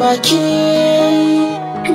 baki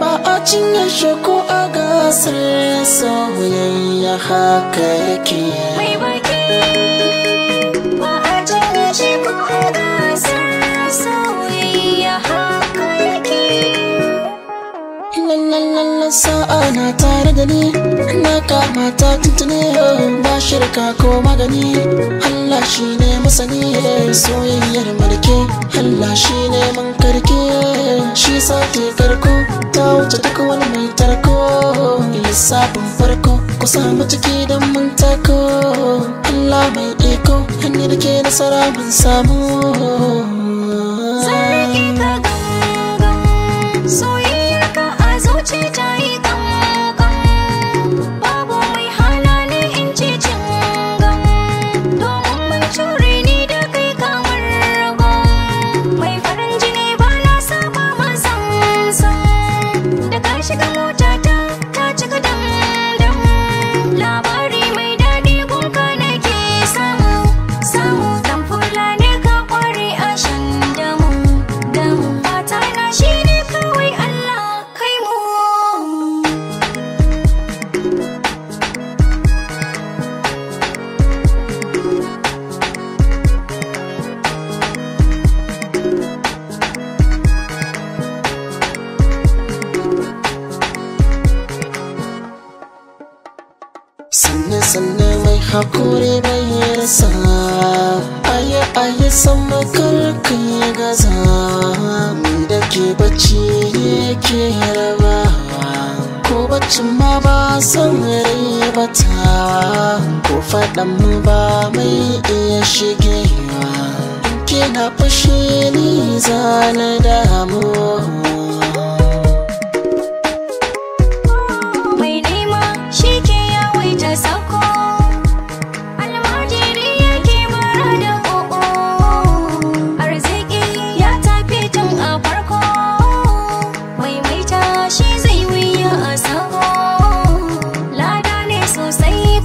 ba a cinye shi ko a gasar soyayya haka yake baki haka yake sa'a na tare da ni na kama ta tuntune ba shirka ko magani Allah shi ne masani soyayyar mulki Allah shi ke farko ta wuce duk wani mai tarko lissafin farko ku samu ciki don mun tako Allah mai iko hanyar ke nasara mun samu sanne sanne mai hakuri bai rasa aye aye sama karka ya gaza mai da ke bacci yake raba ko baccin ma ba san rai ta ko faɗan ba mai iya shigewa kina fushi ni zanen